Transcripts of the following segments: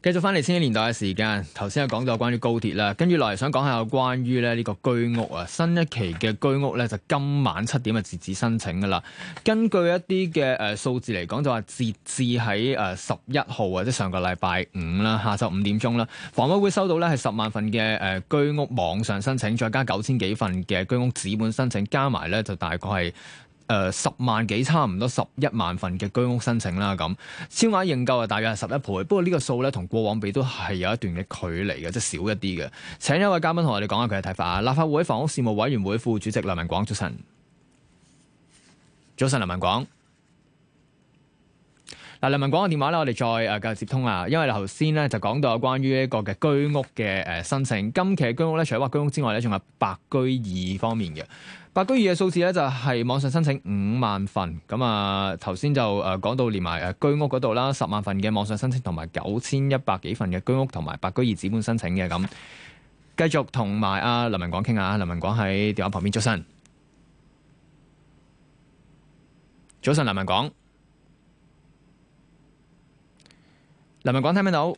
繼續翻嚟千禧年代嘅時間，頭先有講咗關於高鐵啦，跟住落嚟想講下有關於咧呢個居屋啊，新一期嘅居屋咧就今晚七點啊截止申請噶啦。根據一啲嘅誒數字嚟講，就話截至喺誒十一號即係上個禮拜五啦，下晝五點鐘啦，房委會收到咧係十萬份嘅誒居屋網上申請，再加九千幾份嘅居屋紙本申請，加埋咧就大概係。誒、呃、十萬幾差唔多十一萬份嘅居屋申請啦，咁超額認購啊，大約係十一倍。不過呢個數咧同過往比都係有一段嘅距離嘅，即係少一啲嘅。請一位嘉賓同我哋講下佢嘅睇法啊！立法會房屋事務委員會副主席梁文廣早晨，早晨梁文廣。嗱，梁文廣嘅電話咧，我哋再誒繼續接通啊！因為頭先咧就講到有關於一個嘅居屋嘅誒申請，今期嘅居屋咧，除咗居屋之外咧，仲有白居二方面嘅白居二嘅數字咧，就係網上申請五萬份。咁啊，頭先就誒講到連埋誒居屋嗰度啦，十萬份嘅網上申請，同埋九千一百幾份嘅居屋，同埋白居二紙本申請嘅。咁繼續同埋阿梁文廣傾下，梁文廣喺電話旁邊早晨，早晨梁文廣。梁文廣聽唔聽到？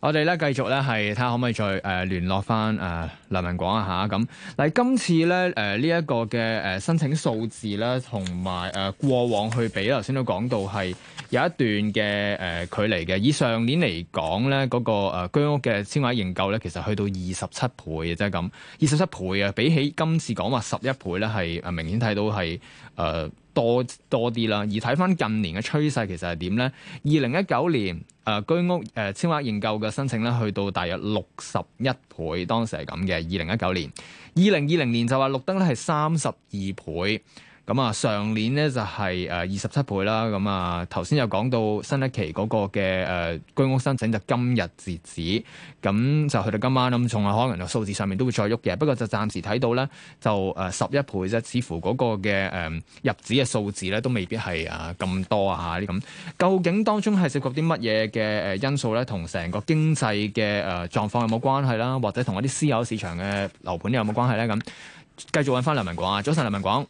我哋咧繼續咧係睇下可唔可以再誒聯絡翻誒梁文廣啊，吓咁。嗱，今次咧誒呢一個嘅誒申請數字咧，同埋誒過往去比咧，頭先都講到係有一段嘅誒距離嘅。以上年嚟講咧，嗰個誒居屋嘅簽位認購咧，其實去到二十七倍嘅啫咁，二十七倍啊，比起今次講話十一倍咧，係誒明顯睇到係誒。多多啲啦，而睇返近年嘅趨勢，其實係點呢？二零一九年誒、呃、居屋誒簽屋研究嘅申請咧，去到大約六十一倍，當時係咁嘅。二零一九年，二零二零年就話綠燈咧係三十二倍。咁啊，上年咧就係誒二十七倍啦。咁啊，頭先又講到新一期嗰個嘅誒居屋申請就今日截止，咁就去到今晚咁，仲有可能個數字上面都會再喐嘅。不過就暫時睇到咧，就誒十一倍啫。似乎嗰個嘅誒入紙嘅數字咧都未必係啊咁多啊嚇啲咁。究竟當中係涉及啲乜嘢嘅誒因素咧？同成個經濟嘅誒狀況有冇關係啦？或者同一啲私有市場嘅樓盤有冇關係咧？咁繼續揾翻梁文廣啊，早晨，梁文廣。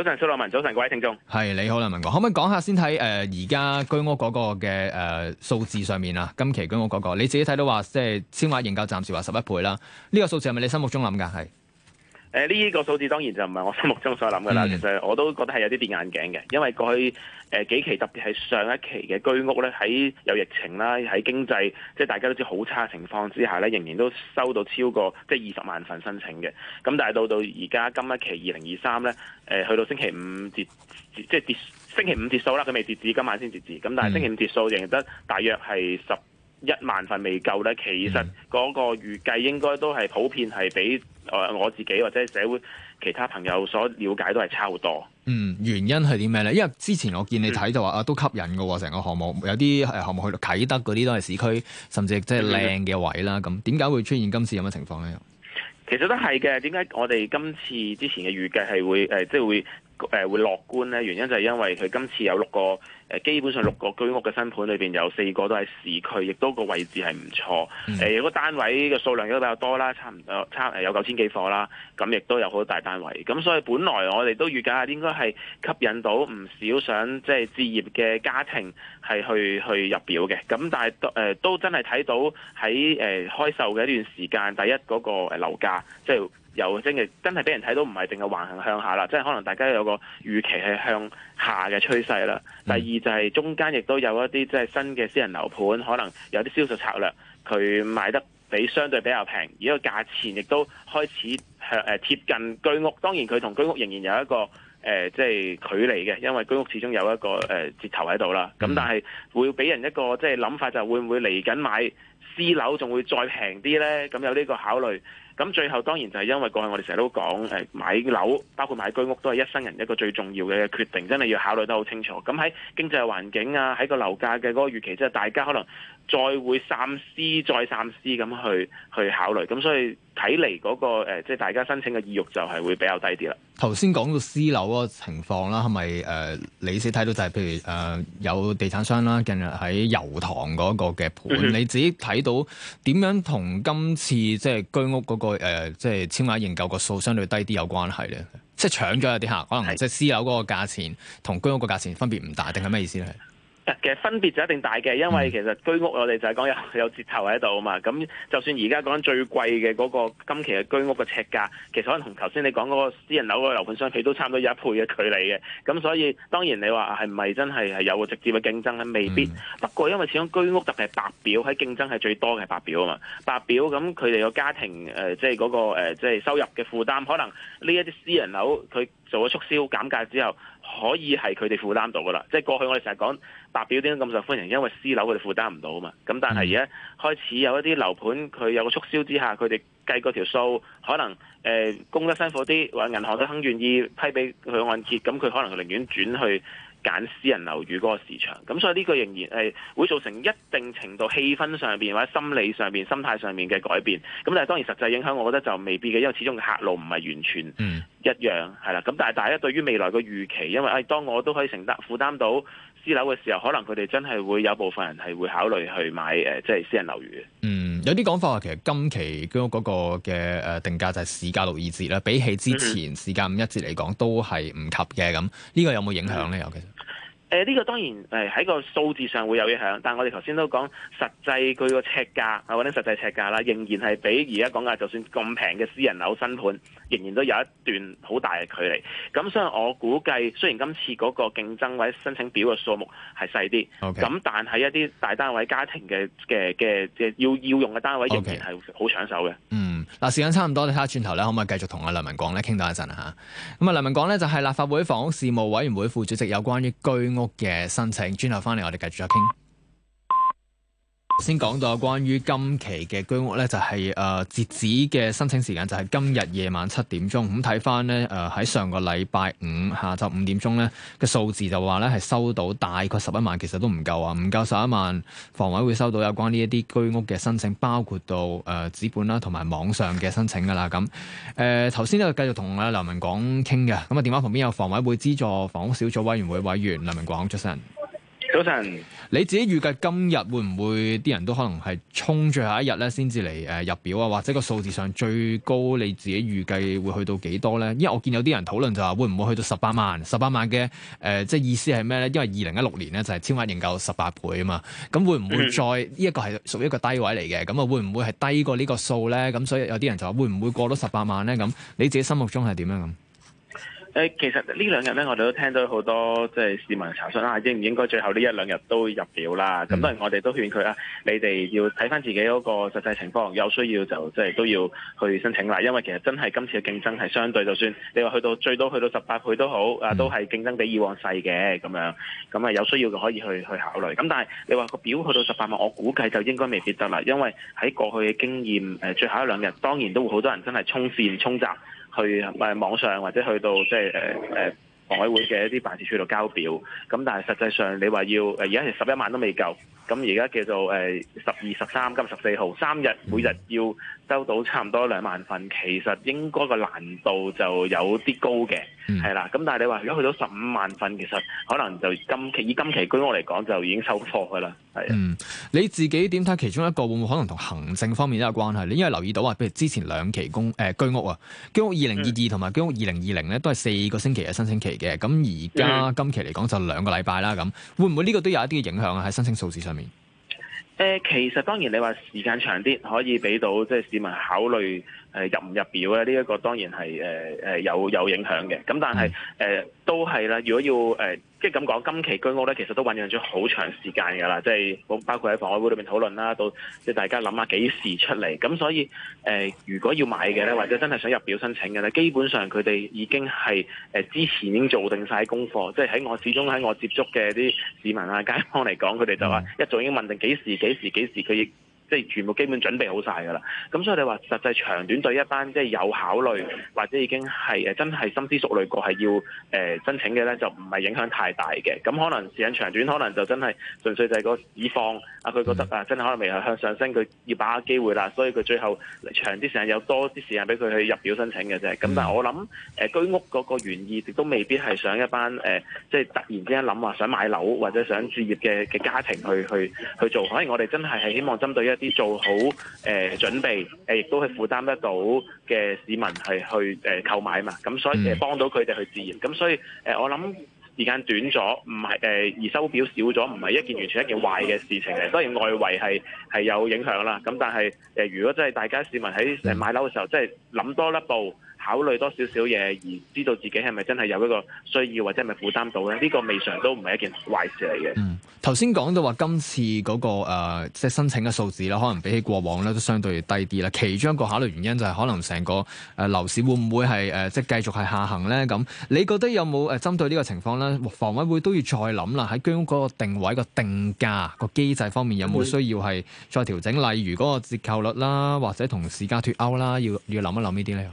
早晨，蘇洛文。早晨，各位聽眾。係，你好，文廣哥。可唔可以講下先睇，誒，而家居屋嗰個嘅誒數字上面啊？今期居屋嗰個，你自己睇到話，即係先話仍夠，暫時話十一倍啦。呢個數字係咪你心目中諗噶？係。誒、這、呢個數字當然就唔係我心目中所諗㗎啦，其實我都覺得係有啲跌眼鏡嘅，因為過去誒、呃、幾期特別係上一期嘅居屋咧，喺有疫情啦，喺經濟即係大家都知好差情況之下咧，仍然都收到超過即係二十萬份申請嘅。咁但係到到而家今一期二零二三咧，誒去到星期五截即係星期五截數啦，佢未截止，今晚先截止。咁但係星期五截數仍然得大約係十一萬份未夠咧，其實嗰個預計應該都係普遍係比。我我自己或者係社會其他朋友所了解都係差好多。嗯，原因係啲咩咧？因為之前我見你睇就話啊、嗯，都吸引嘅成個項目，有啲項目去到啟德嗰啲都係市區，甚至即係靚嘅位啦。咁點解會出現今次咁嘅情況咧？其實都係嘅。點解我哋今次之前嘅預計係會誒，即係會。就是會誒會樂觀咧，原因就係因為佢今次有六個誒，基本上六個居屋嘅新盤裏面有四個都喺市區，亦都個位置係唔錯。如、嗯、果、呃、單位嘅數量亦都比較多啦，差唔多差唔多有九千幾伙啦。咁亦都有好多大單位。咁所以本來我哋都預計應該係吸引到唔少想即係、就是、置業嘅家庭係去去入表嘅。咁但係都、呃、都真係睇到喺誒、呃、開售嘅一段時間，第一嗰、那個誒樓價即係由真係真係俾人睇到唔係淨係橫行向下啦，即係可能大家有個預期係向下嘅趨勢啦。第二就係中間亦都有一啲即係新嘅私人樓盤，可能有啲銷售策略，佢賣得比相對比較平，而個價錢亦都開始向誒、呃、貼近居屋。當然佢同居屋仍然有一個誒、呃、即係距離嘅，因為居屋始終有一個誒折、呃、頭喺度啦。咁但係會俾人一個即係諗法，就會唔會嚟緊買私樓仲會再平啲呢？咁有呢個考慮。咁最後當然就係因為過去我哋成日都講誒買樓，包括買居屋都係一生人一個最重要嘅決定，真係要考慮得好清楚。咁喺經濟環境啊，喺個樓價嘅嗰個預期，即係大家可能再會三思，再三思咁去去考慮。咁所以睇嚟嗰個誒，即係大家申請嘅意欲就係會比較低啲啦。頭先講到私樓嗰個情況啦，係咪、呃、你先睇到就係譬如、呃、有地產商啦，近日喺油塘嗰個嘅盤、嗯，你自己睇到點樣同今次即係居屋嗰個？誒、呃，即係簽下認購個數相對低啲有關係咧，即係搶咗有啲客，可能即係私樓嗰個價錢同居屋個價錢分別唔大，定係咩意思咧？嘅分別就一定大嘅，因為其實居屋我哋就係講有有折頭喺度啊嘛。咁就算而家講最貴嘅嗰個今期嘅居屋嘅尺價，其實可能同頭先你講嗰個私人樓個樓盤相比，都差唔多有一倍嘅距離嘅。咁所以當然你話係唔係真係有個直接嘅競爭，係未必、嗯。不過因為始終居屋特別係白表喺競爭係最多嘅白表啊嘛，白表咁佢哋個家庭即係嗰個即係、呃即係、收入嘅負擔，可能呢一啲私人樓佢做咗促銷減價之後。可以係佢哋負擔到噶啦，即係過去我哋成日講白表點解咁受歡迎，因為私樓佢哋負擔唔到啊嘛。咁但係而家開始有一啲樓盤，佢有個促銷之下，佢哋計嗰條數，可能誒供、呃、得辛苦啲，或者銀行都肯願意批俾佢按揭，咁佢可能佢寧願轉去。揀私人樓宇嗰個市場，咁所以呢個仍然係會造成一定程度氣氛上邊或者心理上面、心態上面嘅改變。咁但係當然實際影響，我覺得就未必嘅，因為始終客路唔係完全一樣，係、嗯、啦。咁但係大家對於未來嘅預期，因為誒，當我都可以承擔負擔到私樓嘅時候，可能佢哋真係會有部分人係會考慮去買誒，即、呃、係、就是、私人樓宇。嗯。有啲講法話，其實今期嗰個嘅誒定價就係市價六二折啦，比起之前市價五一折嚟講，都係唔及嘅咁，呢個有冇影響呢？有其實誒、這、呢個當然係喺個數字上會有影響，但係我哋頭先都講實際佢個尺價啊或者實際尺價啦，仍然係比而家講嘅就算咁平嘅私人樓新盤，仍然都有一段好大嘅距離。咁所以我估計雖然今次嗰個競爭或者申請表嘅數目係細啲，咁、okay. 但係一啲大單位家庭嘅嘅嘅即係要要用嘅單位仍然係好搶手嘅。嗯、okay. mm.。嗱，時間差唔多，你睇下轉頭咧，可唔可以繼續同阿梁文廣咧傾多一陣啊？嚇，咁啊，梁文廣咧就係立法會房屋事務委員會副主席，有關於居屋嘅申請，轉頭翻嚟我哋繼續再傾。先講到關於今期嘅居屋咧，就係、是、誒、呃、截止嘅申請時間就係今日夜晚七點鐘。咁睇翻咧誒，喺上個禮拜五下晝五點鐘咧個數字就話咧係收到大概十一萬，其實都唔夠啊，唔夠十一萬，房委會收到有關呢一啲居屋嘅申請，包括到誒紙、呃、本啦同埋網上嘅申請噶啦咁。誒頭先呢，繼續同啊梁文廣傾嘅，咁啊電話旁邊有房委會資助房屋小組委員會委員梁文廣出席。早晨，你自己預計今日會唔會啲人都可能係衝最後一日咧，先至嚟入表啊？或者個數字上最高你自己預計會去到幾多咧？因為我見有啲人討論就話會唔會去到十八萬，十八萬嘅即意思係咩咧？因為二零一六年咧就係千萬板仍舊十八倍啊嘛，咁會唔會再呢一、嗯呢個係屬於一個低位嚟嘅？咁啊會唔會係低過呢個數咧？咁所以有啲人就話會唔會過到十八萬咧？咁你自己心目中係點樣？誒，其實呢兩日咧，我哋都聽到好多即係市民查詢啦、啊，應唔應該最後呢一兩日都入表啦？咁當然我哋都勸佢啦，你哋要睇翻自己嗰個實際情況，有需要就即係都要去申請啦。因為其實真係今次嘅競爭係相對，就算你話去到最多去到十八倍都好，啊都係競爭比以往細嘅咁樣。咁啊有需要嘅可以去去考慮。咁但係你話個表去到十八萬，我估計就應該未必得啦，因為喺過去嘅經驗，最後一兩日當然都會好多人真係衝線衝閘。去唔係網上或者去到即係誒誒房委會嘅一啲辦事處度交表，咁但係實際上你話要誒而家係十一萬都未夠，咁而家叫做誒十二十三今日十四號三日，日每日要收到差唔多兩萬份，其實應該個難度就有啲高嘅。係、嗯、啦，咁但係你話如果去到十五萬份，其實可能就今期以今期居屋嚟講，就已經收貨噶啦，係啊、嗯。你自己點睇，其中一個會唔會可能同行政方面都有關係，你因為留意到啊，譬如之前兩期公誒居屋啊，居屋二零二二同埋居屋二零二零咧，居居都係四個星期嘅申請期嘅，咁而家今期嚟講就兩個禮拜啦，咁會唔會呢個都有一啲嘅影響啊喺申請數字上面？誒、呃，其實當然你話時間長啲，可以俾到即係市民考慮。誒入唔入表咧？呢、這、一個當然係誒、呃呃、有有影響嘅。咁但係誒、呃、都係啦。如果要誒即係咁講，今期居屋咧，其實都醞釀咗好長時間㗎啦。即係包括喺房委會裏面討論啦，到即係大家諗下幾時出嚟。咁所以誒、呃，如果要買嘅咧，或者真係想入表申請嘅咧，基本上佢哋已經係誒、呃、之前已經做定晒功課。即係喺我始終喺我接觸嘅啲市民啊街坊嚟講，佢哋就話、嗯、一早已經問定幾時幾時幾時佢。即係全部基本準備好晒㗎啦，咁所以你話實際長短對一班即係、就是、有考慮或者已經係真係深思熟慮過係要、呃、申請嘅咧，就唔係影響太大嘅。咁可能時間長短，可能就真係純粹就係個市況啊，佢覺得啊，真係可能未來向上升，佢要把握機會啦，所以佢最後長啲時間有多啲時間俾佢去入表申請嘅啫。咁但係我諗誒、呃、居屋嗰個原意亦都未必係想一班、呃、即係突然之間諗話想買樓或者想置業嘅嘅家庭去去去做。可能我哋真係係希望針對一啲做好誒、呃、準備，誒、呃、亦都係負擔得到嘅市民係去誒、呃、購買嘛，咁所以誒幫到佢哋去置業。咁、嗯、所以誒、呃、我諗時間短咗，唔係誒而收表少咗，唔係一件完全一件壞嘅事情嚟。雖然外圍係係有影響啦，咁但係誒、呃、如果真係大家市民喺誒買樓嘅時候，真係諗多一步。考慮多少少嘢，而知道自己係咪真係有一個需要，或者係咪負擔到咧？呢、這個未嘗都唔係一件壞事嚟嘅。嗯，頭先講到話今次嗰、那個即、呃即係、申請嘅數字啦，可能比起過往咧都相對低啲啦。其中一個考慮原因就係可能成個誒、呃、樓市會唔會係、呃、即係繼續係下行咧？咁你覺得有冇針對呢個情況咧，房委會都要再諗啦。喺居屋嗰個定位、個定價、個機制方面，有冇需要係再調整？例如嗰個折扣率啦，或者同市價脫鈎啦，要要諗一諗呢啲咧。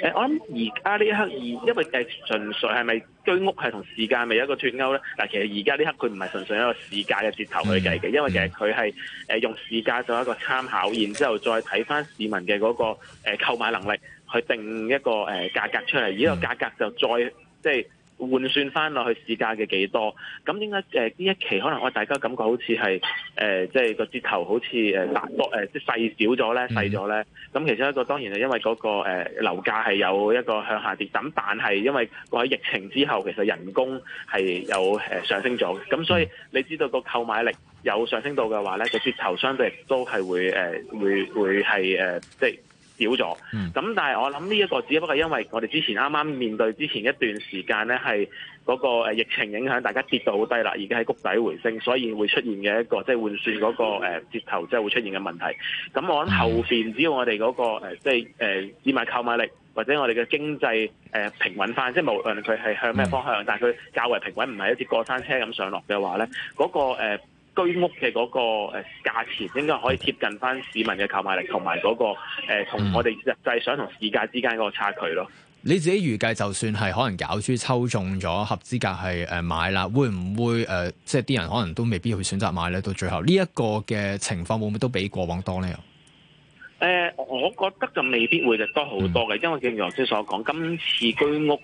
誒，我諗而家呢一刻，而因為誒純粹係咪居屋係同市價咪一個脫鈎咧？嗱，其實而家呢刻佢唔係純粹一個市價嘅折頭去計嘅，因為其實佢係誒用市價做一個參考，然之後再睇翻市民嘅嗰、那個誒、呃、購買能力去定一個誒、呃、價格出嚟，而呢個價格就再即係。換算翻落去市價嘅幾多？咁點解誒呢一期可能我大家感覺好似係誒，即、呃、係、即係、個折頭好似誒窄多即細少咗咧，細咗咧？咁、mm -hmm. 其中一個當然係因為嗰、嗰個誒、呃、樓價係有一個向下跌，咁但係因為喺疫情之後，其實人工係有、呃、上升咗，咁所以你知道個購買力有上升到嘅話咧，個折頭相對都係會、呃、會會會係、呃、即低。少、嗯、咗，咁但係我諗呢一個只不過係因為我哋之前啱啱面對之前一段時間呢係嗰個疫情影響，大家跌到好低啦，而家喺谷底回升，所以會出現嘅一個即係換算嗰、那個接折、呃、頭即係會出現嘅問題。咁我諗後面，只要我哋嗰、那個即係誒紙米購買力或者我哋嘅經濟、呃、平穩化，即係無論佢係向咩方向，嗯、但係佢較為平穩，唔係好似過山車咁上落嘅話呢嗰、那個、呃居屋嘅嗰個誒價錢應該可以貼近翻市民嘅購買力和、那個，同埋嗰個同我哋實際上同市價之間嗰個差距咯、嗯。你自己預計就算係可能攪珠抽中咗合資格係誒買啦，會唔會誒即係啲人可能都未必會選擇買咧？到最後呢一、這個嘅情況會唔會都比過往多呢？誒、呃，我覺得就未必會就多好多嘅、嗯，因為正如頭先所講，今次居屋。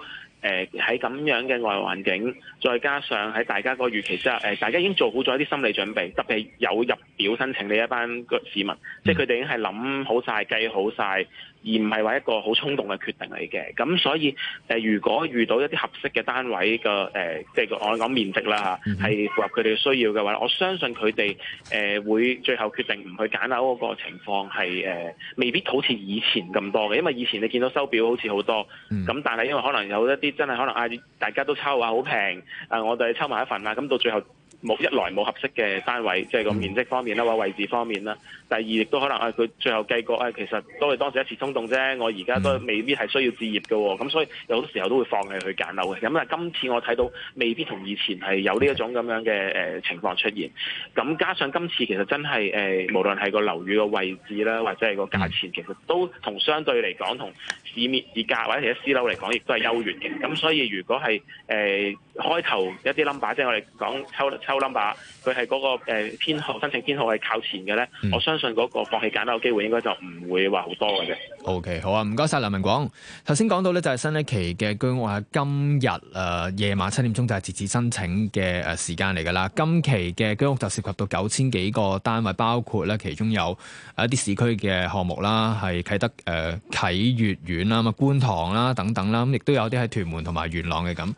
誒喺咁樣嘅外環境，再加上喺大家個預期之下，呃，大家已經做好咗一啲心理準備，特別係有入表申請呢一班市民，即係佢哋已經係諗好晒、計好晒。而唔係話一個好衝動嘅決定嚟嘅，咁所以誒、呃，如果遇到一啲合適嘅單位嘅誒、呃，即係我講面積啦嚇，係、mm -hmm. 符合佢哋需要嘅話，我相信佢哋誒會最後決定唔去揀樓嗰個情況係誒、呃，未必好似以前咁多嘅，因為以前你見到收表好似好多，咁、mm -hmm. 但係因為可能有一啲真係可能啊，大家都抽話好平啊，我哋抽埋一份啦，咁到最後。冇一來冇合適嘅單位，即係個面積方面啦，或者位置方面啦。第二亦都可能係佢、啊、最後計過，啊、其實都係當時一次衝動啫。我而家都未必係需要置業嘅喎、哦，咁所以有好多時候都會放棄去揀樓嘅。咁但今次我睇到未必同以前係有呢一種咁樣嘅、呃、情況出現。咁加上今次其實真係誒、呃，無論係個樓宇嘅位置啦，或者係個價錢，其實都同相對嚟講，同市面市價或者係私樓嚟講，亦都係優越嘅。咁所以如果係誒、呃、開頭一啲 number，即係我哋講抽。抽 number 佢係嗰個誒編號、申請編號係靠前嘅咧，我相信嗰個放棄揀樓嘅機會應該就唔會話好多嘅。O、okay, K，好啊，唔該晒。梁文廣。頭先講到咧，就係新一期嘅居屋喺今日誒、呃、夜晚七點鐘就係截止申請嘅誒時間嚟㗎啦。今期嘅居屋就涉及到九千幾個單位，包括咧其中有一啲市區嘅項目啦，係啟德誒、呃、啟悦苑啦、啊觀塘啦等等啦，咁亦都有啲喺屯門同埋元朗嘅咁。